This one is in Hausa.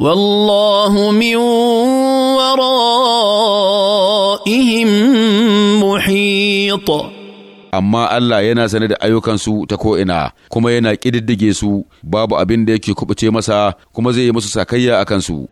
والله من ورائهم محيط amma Allah yana sane da ayyukansu ta ko'ina kuma yana ƙididdige su babu abin da yake kubuce masa kuma zai yi musu sakayya a kansu.